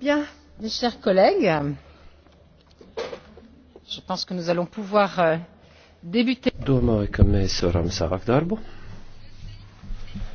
Bien, mes chers collègues, je pense que nous allons pouvoir euh, débuter. Domāju, ka mēs varam sākt darbu.